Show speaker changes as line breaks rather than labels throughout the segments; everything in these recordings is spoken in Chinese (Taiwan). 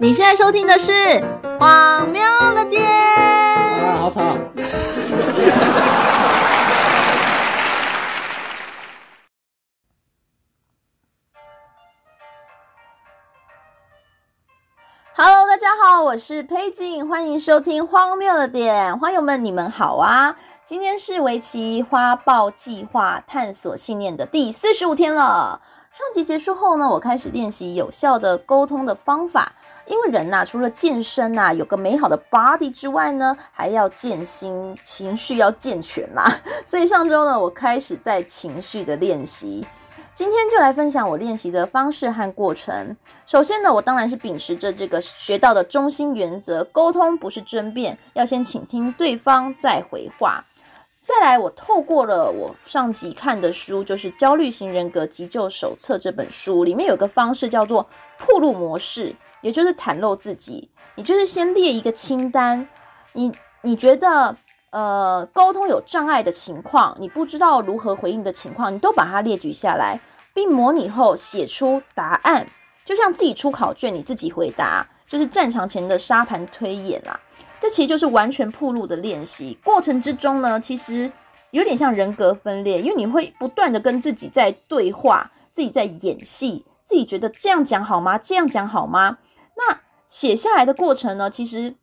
你現在收聽的是《荒謬的點》。啊，好吵！哈 嘍， Hello, 大家好，我是佩錦，歡迎收聽《荒謬的點》，花友們，你們好啊！今天是圍棋花豹計劃探索信念的第四十五天了。上集結束後呢，我開始練習有效的溝通的方法，因為人吶、啊，除了健身吶、啊，有個美好的 body 之外呢，還要健心，情緒要健全啦、啊。所以上週呢，我開始在情緒的練習。今天就來分享我練習的方式和過程。首先呢，我當然是秉持着這個學到的中心原則，溝通不是爭辯，要先傾聽對方再回話。再來，我透過了我上集看的書，就是《焦慮型人格急救手冊》這本書，裡面有個方式叫做“暴露模式”，也就是袒露自己。你就是先列一個清單，你你覺得呃溝通有障礙的情況，你不知道如何回應的情況，你都把它列舉下來，並模擬後寫出答案，就像自己出考卷，你自己回答，就是戰場前的沙盤推演啦、啊。這其實就是完全暴露的練習過程之中呢，其實有點像人格分裂，因為你會不斷的跟自己在對話，自己在演戲，自己覺得這樣講好嗎？這樣講好嗎？那寫下來的過程呢，其實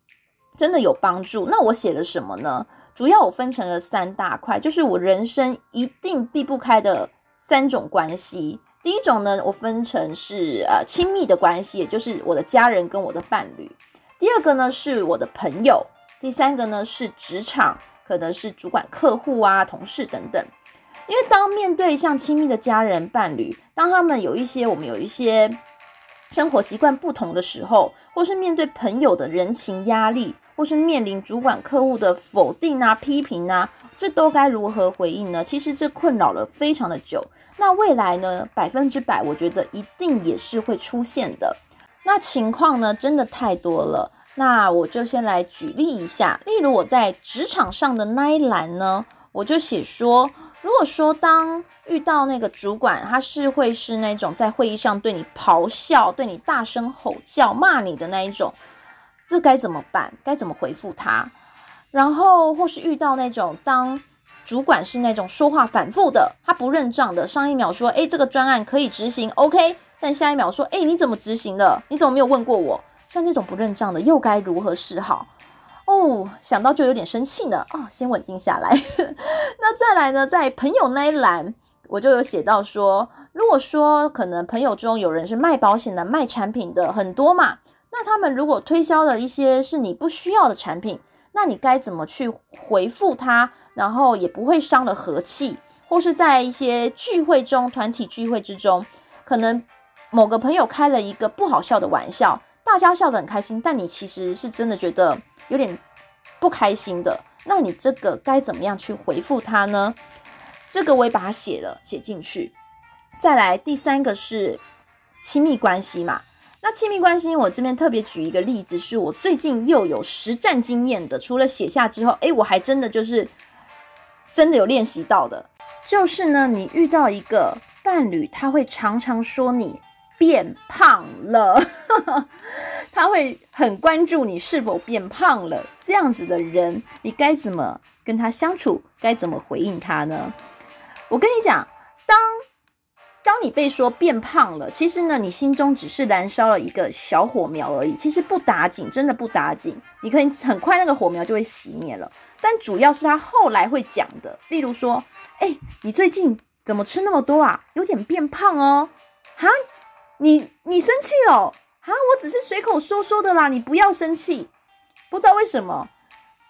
真的有幫助。那我寫了什麼呢？主要我分成了三大塊，就是我人生一定避不開的三種關係。第一種呢，我分成是呃親密的關係，也就是我的家人跟我的伴侶。第二個呢是我的朋友，第三個呢是職場，可能是主管、客戶啊、同事等等。因為當面對像親密的家人、伴侶，當他們有一些我們有一些生活習慣不同的時候，或是面對朋友的人情壓力，或是面臨主管、客戶的否定啊、批評啊，這都該如何回應呢？其實這困擾了非常的久。那未來呢，百分之百，我覺得一定也是會出現的。那情況呢，真的太多了。那我就先來舉例一下，例如我在職場上的那一欄呢，我就寫說，如果說當遇到那個主管，他是會是那種在會議上對你咆哮、對你大聲吼叫、罵你的那一種，這該怎麼辦？該怎麼回覆他？然後或是遇到那種當主管是那種說話反覆的，他不認賬的，上一秒說，誒，這個專案可以執行，OK。但下一秒說：“誒、欸，你怎麼執行的？你怎麼沒有問過我？像那種不認賬的，又該如何是好？”哦、oh,，想到就有點生氣呢。啊、oh,，先穩定下來。 那再來呢，在朋友那一欄，我就有寫到說，如果說可能朋友中有人是賣保險的、賣產品的，很多嘛，那他們如果推銷了一些是你不需要的產品，那你該怎麼去回復他？然後也不會傷了和氣，或是在一些聚會中、團體聚會之中，可能。某個朋友開了一個不好笑的玩笑，大家笑得很開心，但你其實是真的覺得有點不開心的。那你這個該怎麼樣去回復他呢？這個我也把它寫了，寫進去。再來第三個是親密關係嘛，那親密關係我這邊特別舉一個例子，是我最近又有實戰經驗的。除了寫下之後，哎，我還真的就是真的有練習到的，就是呢，你遇到一個伴侶，他會常常說你。變胖了， 他會很關注你是否變胖了。這樣子的人，你該怎麼跟他相處？該怎麼回應他呢？我跟你講，當當你被說變胖了，其實呢，你心中只是燃燒了一個小火苗而已，其實不打緊，真的不打緊。你可以很快那個火苗就會熄滅了。但主要是他後來會講的，例如說，哎、欸，你最近怎麼吃那麼多啊？有點變胖哦，哈。你你生氣了啊？我只是隨口說說的啦，你不要生氣。不知道為什麼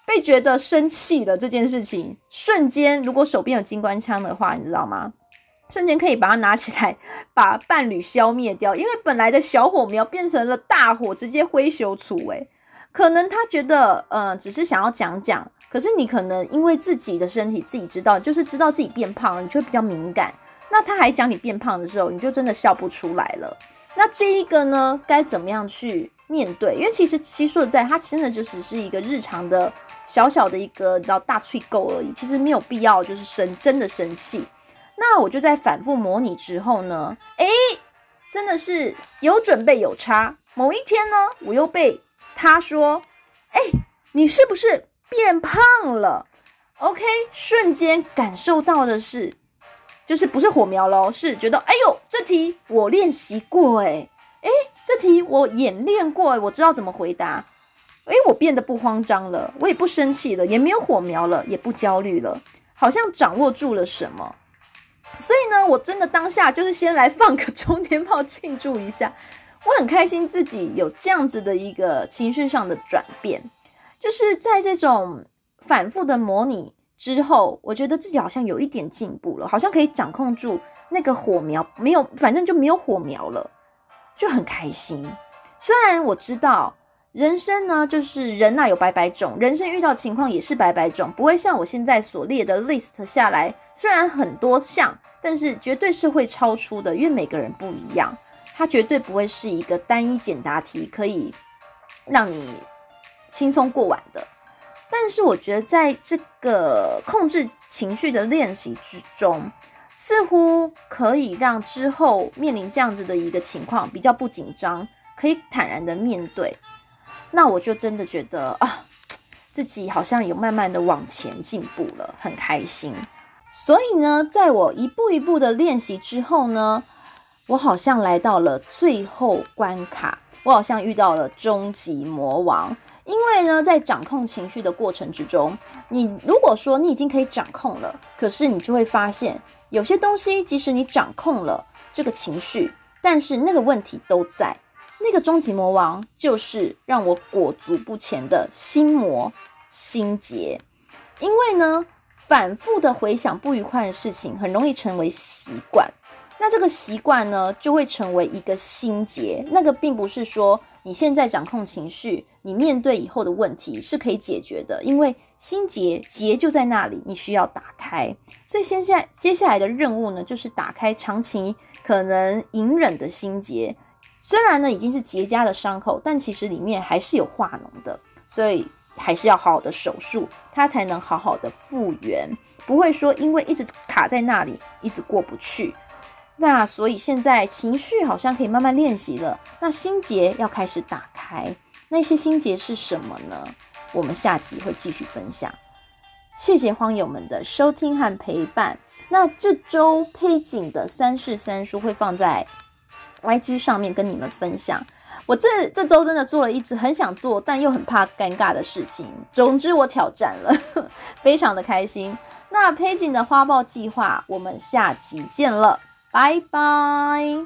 被覺得生氣的這件事情，瞬間如果手邊有機關槍的話，你知道嗎？瞬間可以把它拿起來，把伴侶消滅掉。因為本來的小火苗變成了大火，直接揮熊處。誒可能他覺得，嗯、呃，只是想要講講。可是你可能因為自己的身體自己知道，就是知道自己變胖了，你就會比較敏感。那他還講你變胖的時候，你就真的笑不出來了。那這一個呢，該怎麼樣去面對？因為其實說的，在，他真的就只是一個日常的小小的一個你知道大脆購而已，其實沒有必要就是生真的生氣。那我就在反復模擬之後呢，誒、欸，真的是有準備有差。某一天呢，我又被他說，誒、欸，你是不是變胖了？OK，瞬間感受到的是。就是不是火苗咯，是覺得哎呦，這題我練習過哎、欸，哎，這題我演練過、欸，我知道怎麼回答。哎，我變得不慌張了，我也不生氣了，也沒有火苗了，也不焦慮了，好像掌握住了什麼。所以呢，我真的當下就是先來放個沖天炮慶祝一下。我很開心自己有這樣子的一個情緒上的轉變，就是在這種反覆的模擬之後，我覺得自己好像有一點進步了，好像可以掌控住那個火苗，沒有，反正就沒有火苗了，就很開心。雖然我知道人生呢，就是人吶、啊、有百百種，人生遇到情況也是百百種，不會像我現在所列的 list 下來，雖然很多項，但是絕對是會超出的，因為每個人不一樣，它絕對不會是一個單一簡答題可以讓你輕鬆過完的。但是我覺得，在這個控制情緒的練習之中，似乎可以讓之後面臨這樣子的一個情況比較不緊張，可以坦然的面對。那我就真的覺得啊，自己好像有慢慢的往前進步了，很開心。所以呢，在我一步一步的練習之後呢，我好像來到了最後關卡，我好像遇到了終極魔王。因為呢，在掌控情緒的過程之中，你如果說你已經可以掌控了，可是你就會發現，有些東西即使你掌控了這個情緒，但是那個問題都在，那個終極魔王就是讓我裹足不前的心魔心結。因為呢，反覆的回想不愉快的事情，很容易成為習慣，那這個習慣呢，就會成為一個心結。那個並不是說。你現在掌控情緒，你面對以後的問題是可以解決的。因為心結結就在那裡，你需要打開。所以現在接下來的任務呢，就是打開長期可能隱忍的心結。雖然呢，已經是結痂的傷口，但其實裡面還是有化膿的，所以還是要好好的手術，它才能好好的復原。不會說因為一直卡在那裡，一直過不去。那所以現在情緒好像可以慢慢練習了，那心結要開始打開，那些心結是什麼呢？我們下集會繼續分享。謝謝荒友們的收聽和陪伴。那這周配景的三世三書會放在 YG 上面，跟你們分享。我這這周真的做了一直很想做但又很怕尷尬的事情，總之我挑戰了，呵呵，非常的開心。那配景的花豹計劃，我們下集見了。拜拜。